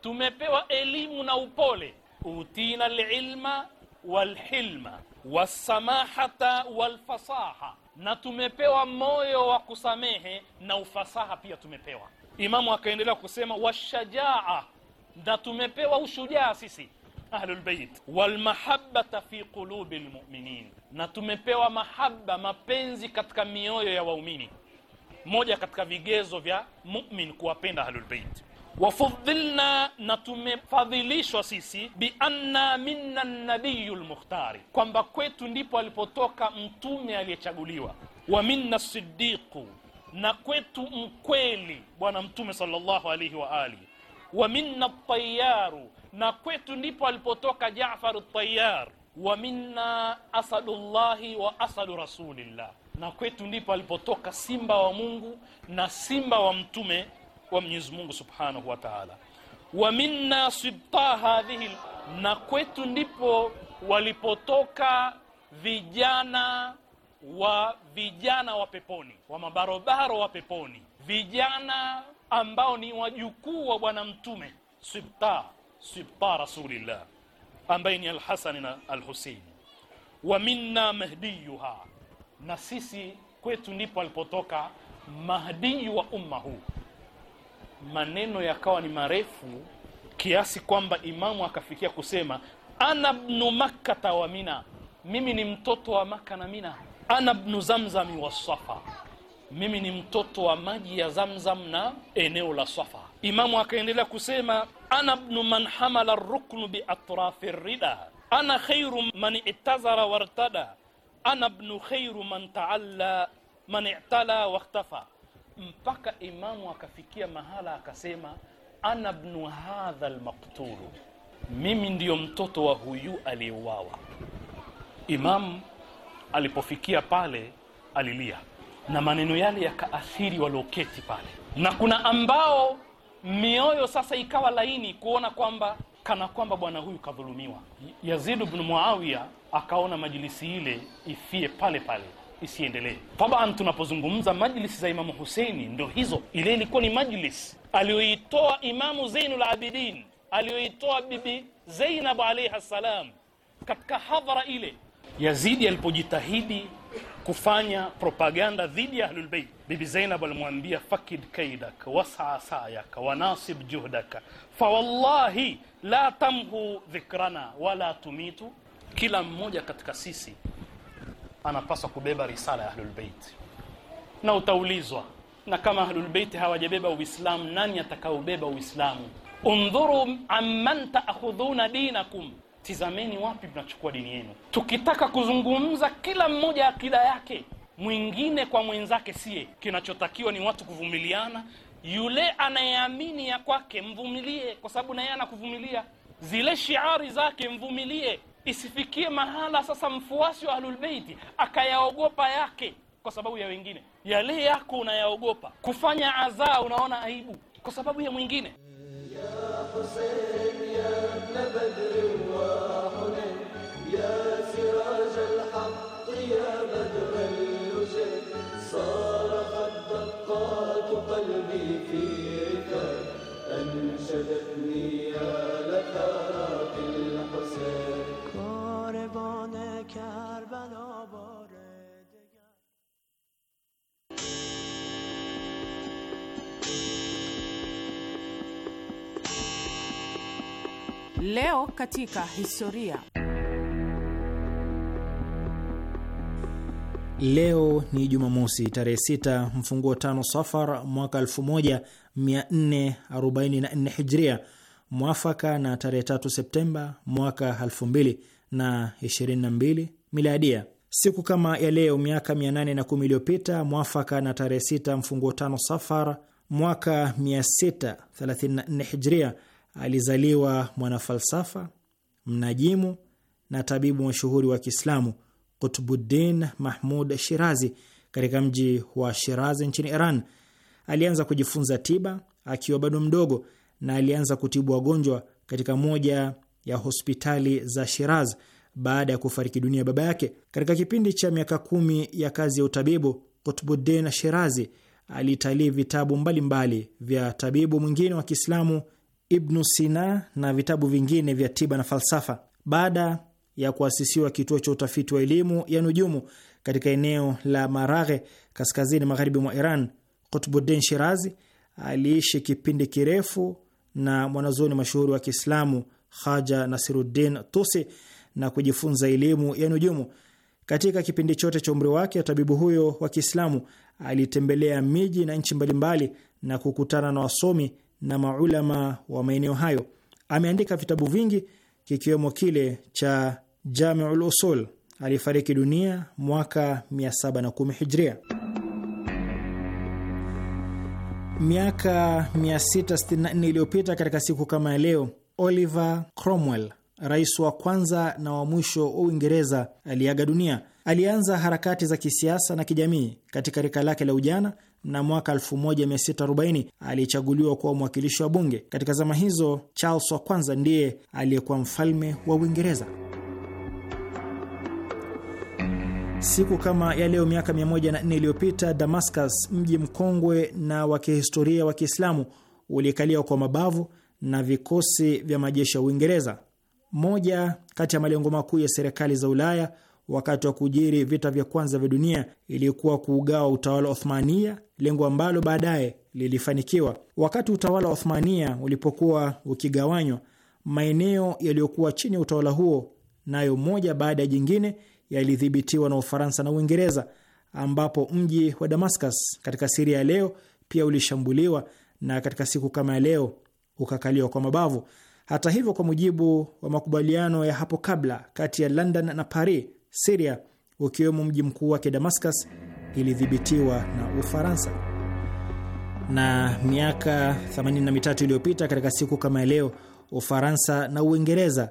tumepewa elimu na upole. Utina lilma walhilma wasamahata walfasaha, na tumepewa moyo wa kusamehe na ufasaha pia tumepewa. Imamu akaendelea kusema washajaa, na tumepewa ushujaa sisi ahlulbeit walmahabata fi qulubi lmuminin na tumepewa mahaba mapenzi katika mioyo ya waumini, moja katika vigezo vya mu'min kuwapenda ahlulbeit. wafudhilna na tumefadhilishwa sisi bianna minna nabiyu lmukhtari, kwamba kwetu ndipo alipotoka mtume aliyechaguliwa. Wa minna sidiqu, na kwetu mkweli bwana mtume sallallahu alaihi wa alihi wa minna tayaru, na kwetu ndipo alipotoka Jafaru Tayar. Wa minna llahi wa asadu rasulillah, na kwetu ndipo alipotoka simba wa Mungu na simba wa mtume wa Mwenyezi Mungu subhanahu wa taala. Wa minna sibta hadhihi, na kwetu ndipo walipotoka vijana wa vijana wa peponi, wa mabarobaro wa peponi, vijana ambao ni wajukuu wa bwana mtume sibta sibta rasulillah ambaye ni alhasani na al wa minna mahdiyuha na sisi kwetu ndipo alipotoka mahdi wa umma huu maneno yakawa ni marefu kiasi kwamba imamu akafikia kusema ana bnu makkata wa mina mimi ni mtoto wa maka na mina ana bnu zamzami wa safa mimi ni mtoto wa maji ya Zamzam na eneo la Safa. Imamu akaendelea kusema ana bnu man hamala ruknu biatrafi rida ana khairu man itazara wartada ana bnu khairu man taalla man itala wakhtafa, mpaka imamu akafikia mahala akasema ana bnu hadha lmaktulu mimi ndiyo mtoto wa huyu aliyeuawa. Imamu alipofikia pale alilia na maneno yale yakaathiri walioketi pale, na kuna ambao mioyo sasa ikawa laini kuona kwamba kana kwamba bwana huyu kadhulumiwa. Yazid bnu Muawiya akaona majilisi ile ifie pale pale isiendelee. Taban, tunapozungumza majlisi za Imamu Huseini ndo hizo. Ile ilikuwa ni majlis aliyoitoa Imamu Zainul Abidin, aliyoitoa Bibi Zainab alaihi ssalam katika hadhara ile. Yazidi alipojitahidi kufanya propaganda dhidi ya Ahlul Bait. Bibi Zainab alimwambia fakid kaidak wasaa sayak wanasib juhdaka fawallahi la tamhu dhikrana wala tumitu. Kila mmoja katika sisi anapaswa kubeba risala ya Ahlul na utaulizwa na kama Ahlul Bait hawajabeba Uislamu, nani atakaobeba Uislamu? Undhuru amman taakhudhuna dinakum tizameni wapi mnachukua dini yenu. Tukitaka kuzungumza kila mmoja akida yake mwingine kwa mwenzake siye, kinachotakiwa ni watu kuvumiliana. Yule anayeamini ya kwake mvumilie, kwa sababu naye anakuvumilia. Zile shiari zake mvumilie, isifikie mahala sasa mfuasi wa Ahlulbeiti akayaogopa yake kwa sababu ya wengine. Yale yako unayaogopa kufanya, adhaa unaona aibu kwa sababu ya mwingine ya Hussein, ya Leo katika historia. Leo ni Jumamosi tarehe 6 mfunguo tano Safar mwaka 1444 Hijria, mwafaka na tarehe 3 Septemba mwaka 2022 Miladia. Siku kama ya leo miaka 810 iliyopita, mwafaka na tarehe 6 mfunguo tano Safar mwaka 634 Hijria, alizaliwa mwanafalsafa, mnajimu na tabibu mashuhuri wa Kiislamu Kutbuddin Mahmud Shirazi katika mji wa Shirazi nchini Iran. Alianza kujifunza tiba akiwa bado mdogo na alianza kutibu wagonjwa katika moja ya hospitali za Shiraz baada ya kufariki dunia baba yake. Katika kipindi cha miaka kumi ya kazi ya utabibu, Kutbuddin Shirazi alitalii vitabu mbalimbali mbali vya tabibu mwingine wa Kiislamu Ibnu Sina na vitabu vingine vya tiba na falsafa. Baada ya kuasisiwa kituo cha utafiti wa elimu ya nujumu katika eneo la Maraghe, kaskazini magharibi mwa Iran, Kutbuddin Shirazi aliishi kipindi kirefu na mwanazuoni mashuhuri wa Kiislamu Haja Nasiruddin Tusi na kujifunza elimu ya nujumu. Katika kipindi chote cha umri wake, tabibu huyo wa Kiislamu alitembelea miji na nchi mbalimbali na kukutana na wasomi na maulama wa maeneo hayo. Ameandika vitabu vingi kikiwemo kile cha Jamiul Usul. Alifariki dunia mwaka 710 Hijria. Miaka 664 iliyopita katika siku kama ya leo, Oliver Cromwell, rais wa kwanza na wa mwisho wa Uingereza, aliaga dunia. Alianza harakati za kisiasa na kijamii katika rika lake la ujana na mwaka 1640 aliyechaguliwa kuwa mwakilishi wa bunge. Katika zama hizo, Charles wa kwanza ndiye aliyekuwa mfalme wa Uingereza. Siku kama ya leo miaka 104 iliyopita, Damascus, mji mkongwe na wa kihistoria wa Kiislamu, ulikaliwa kwa mabavu na vikosi vya majeshi ya Uingereza. Moja kati ya malengo makuu ya serikali za Ulaya wakati wa kujiri vita vya kwanza vya dunia ilikuwa kuugawa utawala wa Othmania, lengo ambalo baadaye lilifanikiwa. Wakati utawala wa Othmania ulipokuwa ukigawanywa, maeneo yaliyokuwa chini ya utawala huo nayo moja baada ya jingine yalidhibitiwa na Ufaransa na Uingereza, ambapo mji wa Damascus katika Siria ya leo pia ulishambuliwa na katika siku kama ya leo ukakaliwa kwa mabavu. Hata hivyo, kwa mujibu wa makubaliano ya hapo kabla kati ya London na Paris, Siria ukiwemo mji mkuu wake Damascus ilidhibitiwa na Ufaransa. Na miaka 83 iliyopita katika siku kama leo, Ufaransa na Uingereza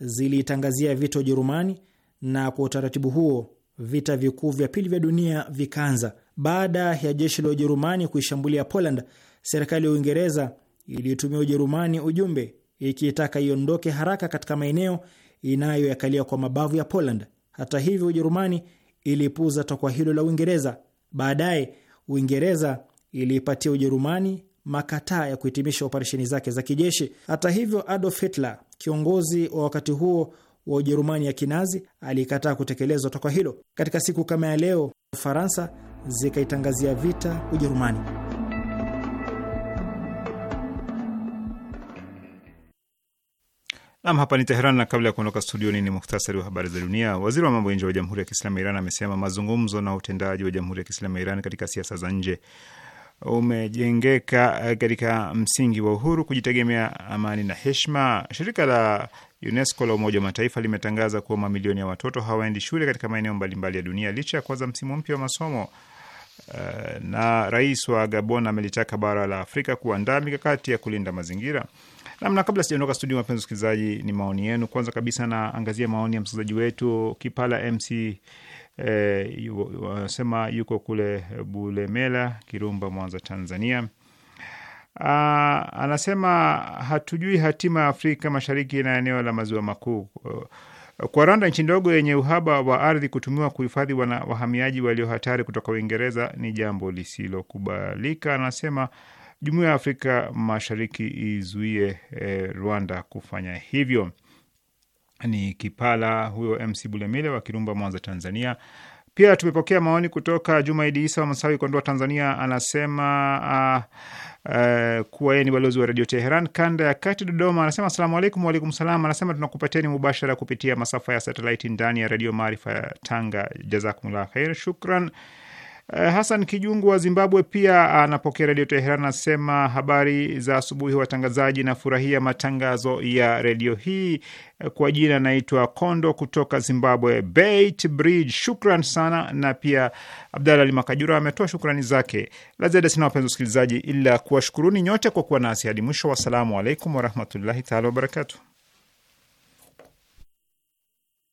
zilitangazia vita Ujerumani, na kwa utaratibu huo vita vikuu vya pili vya dunia vikaanza. Baada ya jeshi la Ujerumani kuishambulia Poland, serikali ya Uingereza ilitumia Ujerumani ujumbe ikiitaka iondoke haraka katika maeneo inayoyakalia kwa mabavu ya Poland. Hata hivyo, Ujerumani ilipuuza takwa hilo la Uingereza. Baadaye Uingereza iliipatia Ujerumani makataa ya kuhitimisha operesheni zake za kijeshi. Hata hivyo, Adolf Hitler, kiongozi wa wakati huo wa Ujerumani ya Kinazi, alikataa kutekelezwa takwa hilo. Katika siku kama ya leo, Ufaransa zikaitangazia vita Ujerumani. Nam, hapa ni Teheran, na kabla ya kuondoka studioni ni muhtasari wa habari za dunia. Waziri wa mambo ya nje wa Jamhuri ya Kiislamu ya Iran amesema mazungumzo na utendaji wa Jamhuri ya Kiislamu ya Iran katika siasa za nje umejengeka eh, katika msingi wa uhuru, kujitegemea, amani na heshima. Shirika la UNESCO la Umoja wa Mataifa limetangaza kuwa mamilioni ya watoto hawaendi shule katika maeneo mbalimbali ya dunia licha ya kuanza msimu mpya wa masomo. Eh, na rais wa Gabon amelitaka bara la Afrika kuandaa mikakati ya kulinda mazingira. Namna kabla sijaondoka studio, wapenzi wasikilizaji, ni maoni yenu. Kwanza kabisa naangazia maoni ya msikilizaji wetu Kipala MC wanasema eh, yuko kule Bulemela, Kirumba, Mwanza, Tanzania. Aa, ah, anasema hatujui hatima ya Afrika Mashariki na eneo la maziwa makuu kwa Rwanda, nchi ndogo yenye uhaba wa ardhi, kutumiwa kuhifadhi wahamiaji walio hatari kutoka Uingereza ni jambo lisilokubalika. Anasema jumuiya ya Afrika Mashariki izuie e, Rwanda kufanya hivyo. Ni Kipala huyo MC Bulemile wa Kirumba, Mwanza, Tanzania. Pia tumepokea maoni kutoka Jumaidi Isa wa Masawi, Kondoa, Tanzania. Anasema uh, uh, kuwa yeye ni balozi wa redio Teheran kanda ya kati, Dodoma. Anasema asalamu alaikum. Waalaikum salam. Anasema tunakupateni mubashara kupitia masafa ya satelaiti ndani ya redio Maarifa ya Tanga. Jazakumullah khair, shukran. Eh, Hasan Kijungu wa Zimbabwe pia anapokea redio Teheran, anasema habari za asubuhi watangazaji, na furahia matangazo ya redio hii. Eh, kwa jina naitwa Kondo kutoka Zimbabwe, Bait Bridge. Shukran sana. Na pia Abdalla Ali Makajura ametoa shukrani zake. La ziada sina, wapenzi wasikilizaji, ila kuwashukuruni nyote kwa kuwa nasi hadi mwisho. Wassalamu alaikum warahmatullahi taala wabarakatu